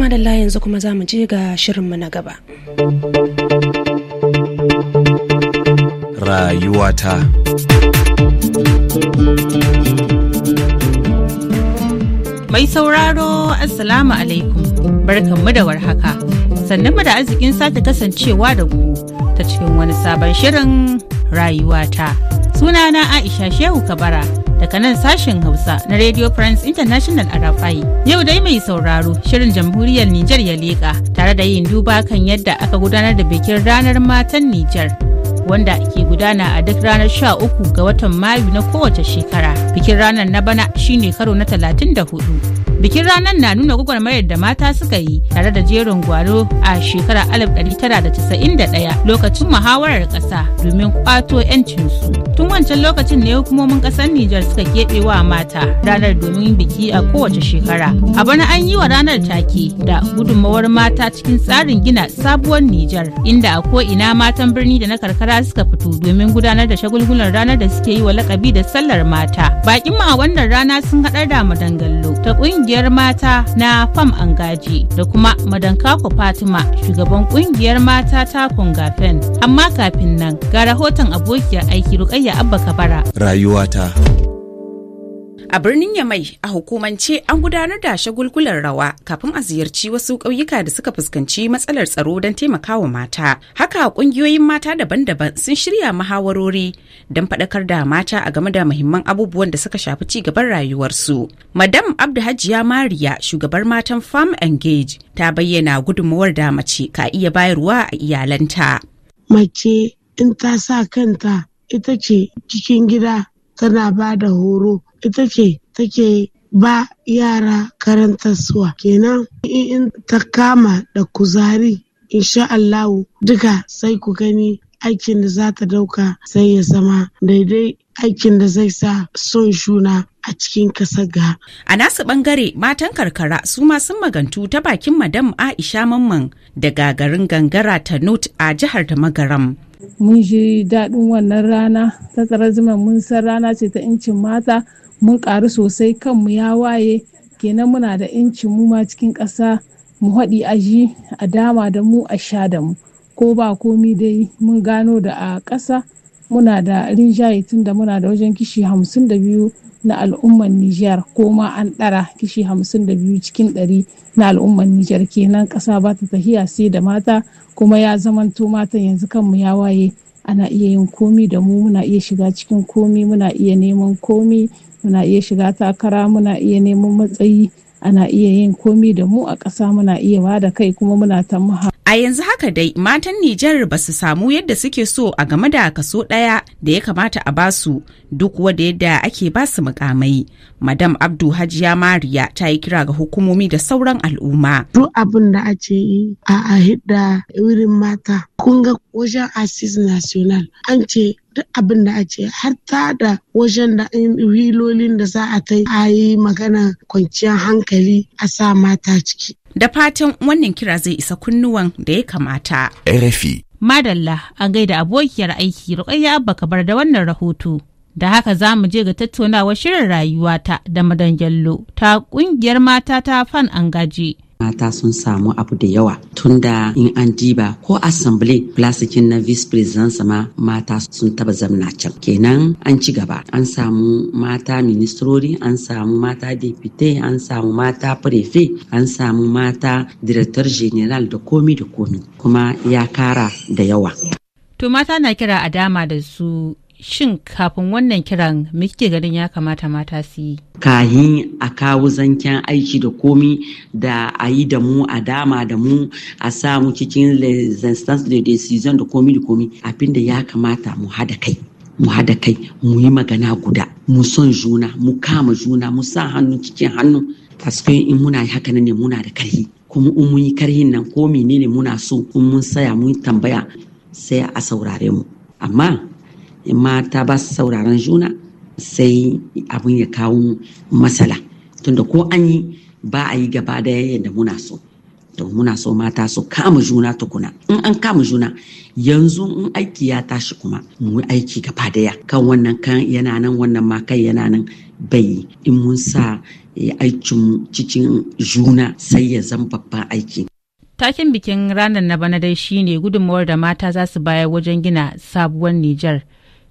Tuma da yanzu kuma za mu je ga shirin mu na gaba. Rayuwata Mai sauraro Assalamu alaikum barkanmu da warhaka sannan mu da arzikin sake kasancewa da ku ta cikin wani sabon shirin rayuwata sunana Aisha Shehu Kabara daga nan sashen Hausa na Radio France International a Rafai. Yau dai mai sauraro shirin jamhuriyar Nijar ya leƙa tare da yin duba kan yadda aka gudanar da bikin ranar matan Nijar. wanda ke gudana a duk ranar sha uku ga watan Mayu na kowace shekara. Bikin ranar na bana shine karo na talatin da hudu. Bikin ranar na nuna gwagwarmayar da mata suka yi tare da jerin gwaro a shekarar 1991 lokacin muhawarar ƙasa domin kwato 'yancinsu. Tun wancan lokacin ne hukumomin ƙasar Nijar suka keɓe wa mata ranar domin biki a kowace shekara. A bana an yi wa ranar take da gudunmawar mata cikin tsarin gina sabuwar Nijar inda a ko'ina matan birni da na karkara suka fito domin gudanar da shagulgular ranar da suke yi wa lakabi da sallar mata. Bakin mu a wannan rana sun haɗar da madangallo ta kungiyar mata na fam angaji da kuma madankako fatima shugaban kungiyar mata ta kungafen amma kafin nan ga rahoton abokiyar aiki rukayya abba kabara rayuwata A birnin Yamai a hukumance an gudanar da shagulgular rawa kafin a ziyarci wasu ƙauyuka da suka fuskanci matsalar tsaro don taimakawa mata. Haka ƙungiyoyin mata daban-daban sun shirya muhawarori don faɗakar da mata a game da muhimman abubuwan da suka shafi ci gaban rayuwarsu. Madam Abdulhajiya Mariya shugabar matan Farm Engage ta bayyana gudunmawar da mace ka iya bayarwa a iyalanta. Mace in ta sa kanta ita ce cikin gida tana ba da horo ita ce take ba yara karantarsuwa kenan in ta kama da kuzari insha Allahu duka sai ku gani aikin da za ta dauka sai ya zama daidai aikin da zai sa son shuna a cikin kasar ga. A nasu bangare matan karkara su ma sun magantu ta bakin madam Aisha Mamman daga garin gangara ta Not a jihar ta Magaram. mun ji daɗin wannan rana ta tsara zuma mun san rana ce ta incin mata mun ƙaru sosai kanmu ya waye kenan muna da incin mu ma cikin ƙasa mu haɗi aji a dama da mu a sha da mu ko ba komi dai mun gano da a ƙasa muna da rinjaye tun da muna da wajen kishi hamsin da biyu na al'ummar Nijar ko ma an ɗara kishi 52 cikin 100 na al'ummar Nijar kenan ƙasa ba ta tahiya sai da mata kuma ya zamanto matan yanzu kanmu ya waye ana iya yin komi da mu muna iya shiga cikin komi muna iya neman komi muna iya shiga takara muna iya neman matsayi ana iya yin komi da mu a ƙasa muna iya ba da kai kuma muna ta A yanzu haka dai matan Nijar ba su samu yadda suke so a game da kaso ɗaya da ya kamata a basu duk wada yadda ake basu mukamai. Madam Abdu Hajiya Mariya ta yi kira ga hukumomi da sauran al'umma. Duk abin da ake yi a ahidda wurin mata kun ga wajen Asis National an ce duk abin da ake har ta da wajen da wilolin da za a ta yi magana kwanciyar hankali a sa mata ciki. Da fatan wannan kira zai isa kunnuwan da ya kamata. RFI. Madalla an gaida abokiyar aiki ya Abba bar da wannan rahoto. Da haka za mu je ga tattaunawar shirin rayuwata da madangyallo ta ƙungiyar mata ta fan an gaji. mata sun samu abu da yawa Tun da in an diba ko assembly plastikin na vice president ma mata sun taba zamna can kenan an ci gaba an samu mata ministrori an samu mata depute an samu mata prefe an samu mata director general da komi da komi kuma ya kara da yawa to mata na kira a dama da su shin kafin wannan kiran muke ganin ya kamata mata su yi kahin a kawo zancen aiki da komi da a yi da mu a dama da mu a samu cikin les da de decision da komi da komi abinda ya kamata mu hada kai mu hada kai mu yi magana guda mu son juna mu kama juna mu sa hannu cikin hannu paske in muna haka ne muna da karhi kuma in mun yi karhin nan ko menene muna so in mun saya mun tambaya sai a saurare mu amma mata ba su sauraron juna sai abin ya kawo matsala tunda ko an yi ba a yi gaba daya yadda muna so to muna so mata su kama juna tukuna in an kama juna yanzu in aiki ya tashi kuma mu aiki gaba daya kan wannan kan yana nan wannan ma kai yana nan bai in mun sa eh, aikin cikin juna sai ya zan babban aiki takin bikin ranar na bana dai shine gudunmawar da mata za su bayar wajen gina sabuwar Nijar.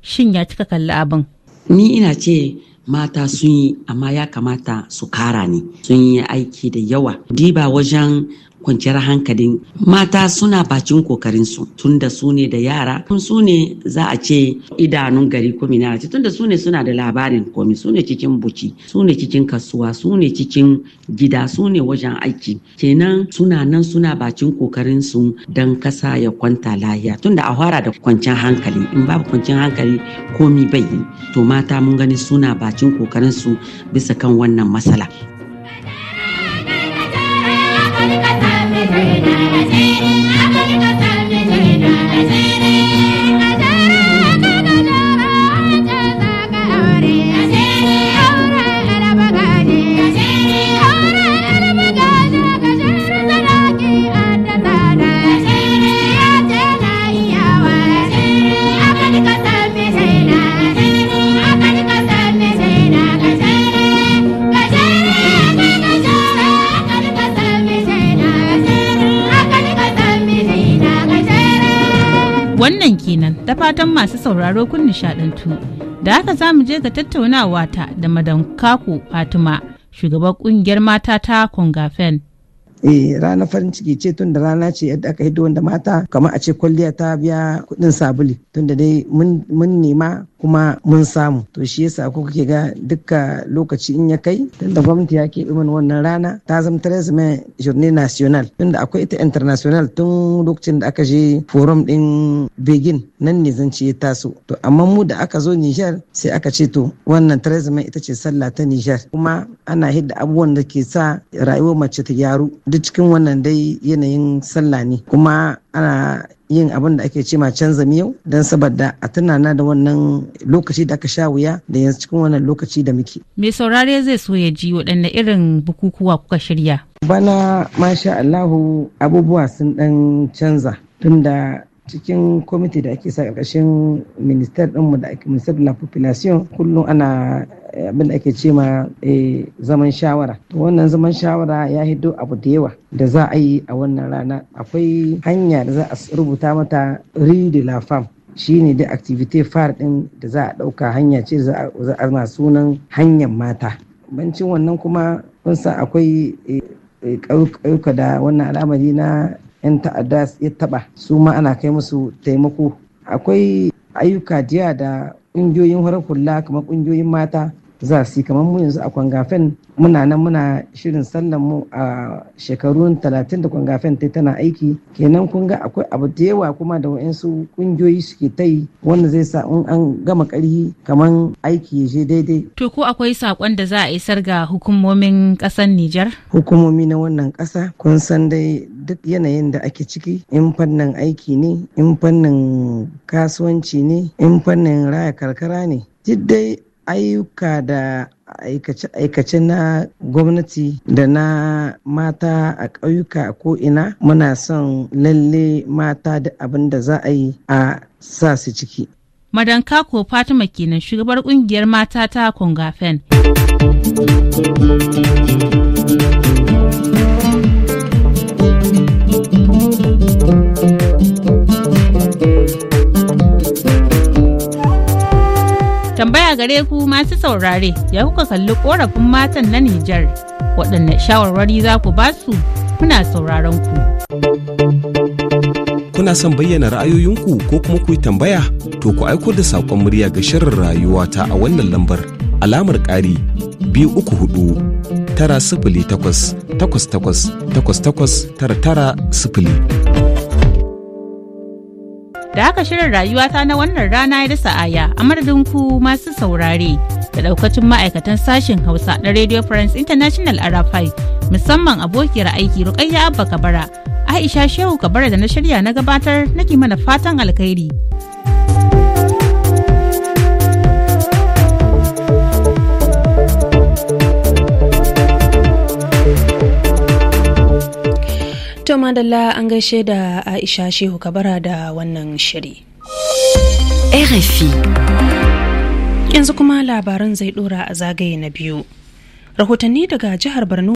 shin ya cika kalli abin ni ina ce mata sun yi amma ya kamata su kara ne sun yi aiki da yawa diba wajen kwanciyar hankalin mata suna bacin kokarinsu tun da su ne da yara su ne za a ce idanun gari ko minara tun da su ne suna da labarin komi su ne cikin buci su ne cikin kasuwa su ne cikin gida su ne wajen aiki kenan suna nan suna bacin kokarinsu dan kasa ya kwanta lahiya tunda a fara da kwanciyar hankali in babu kwanciyar hankali komi bai to mata mun gani suna bacin kokarinsu bisa kan wannan matsala Hare Nara, kenan ta fatan masu sauraro kun nishadantu. Da haka za mu je ga tattaunawa ta da Madam Kako Fatima, shugaban kungiyar mata ta Kongafen. eh rana farin ciki ce tun da rana ce yadda aka hiddo wanda mata kamar a ce kwalliya ta biya kuɗin sabuli tun da dai mun nema kuma mun samu to shi yasa ko kuke ga dukka lokaci in ya kai tunda gwamnati ya keɓe mana wannan rana ta zama Theresa May journée national tunda akwai ita international tun lokacin da aka je forum din Begin nan ne zan ce taso to amma mu da aka zo Nijar sai aka ce to wannan Theresa ita ce sallah ta Niger kuma ana hidda abubuwan da ke sa rayuwar mace ta gyaru duk cikin wannan dai yanayin sallah ne kuma ana yin abin da ake cema canza miyau don saboda a tunana da wannan lokaci da aka sha wuya da yanzu cikin wannan lokaci da muke. Mai saurare zai so ya ji waɗanne irin bukukuwa kuka shirya. Bana masha Allahu abubuwa sun ɗan canza tunda cikin kwamiti da ake sa ƙarƙashin minister ɗinmu da ake minister de la population kullum ana eh, abin ake ce ma eh, zaman shawara to wannan zaman shawara ya hiddo abu da yawa da za a yi a wannan rana akwai hanya da za a rubuta mata rue de la femme ne da activity far ɗin da za a ɗauka hanya ce za a ma sunan hanyar mata bancin wannan kuma kun san akwai eh, ƙauka da wannan al'amari na 'yan ta'adda ya taɓa su ma ana kai musu taimako akwai ayyuka jiya da ƙungiyoyin farar hula kamar ƙungiyoyin mata za su yi kamar mu yanzu a kwangafen muna nan muna shirin sallan mu a shekarun talatin da kwangafen ta tana aiki kenan kun ga akwai abu da yawa kuma da wa'insu kungiyoyi suke ta yi wanda zai sa in an gama ƙarhi kamar aiki ya je daidai. To ko akwai saƙon da za a isar ga hukumomin ƙasar Nijar? Hukumomi na wannan ƙasa kun san dai duk yanayin da ake ciki in fannin aiki ne in fannin kasuwanci ne in fannin raya karkara ne duk dai ayyuka da aikace na gwamnati da na mata a ƙauyuka ko ko'ina muna son lalle mata da abin da za a yi a sa su ciki. Madan Kako Fatima kenan shugabar kungiyar mata ta Kongafen. gare ku masu saurare ya kuka kalli korafin matan na Nijar. Waɗanne shawarwari za ku ba su kuna sauraron ku. Kuna son bayyana ra'ayoyinku ko kuma ku yi tambaya? To ku aiko da saƙon murya ga shirin rayuwa ta a wannan lambar alamar ƙari biyu uku hudu tara sifili takwas takwas takwas takwas takwas tara tara sifili. da haka shirin rayuwata na wannan rana ya dasa aya a madadin ku masu saurare da daukacin ma'aikatan sashen hausa na radio france international arafai musamman abokiyar aiki rukayya abba kabara aisha shehu kabara da na shirya na gabatar nake mana fatan alkhairi madalla an gaishe da Aisha Shehu Kabara da wannan shiri. RFI Yanzu kuma labaran zai dora a zagaye na biyu. Rahotanni daga jihar Borno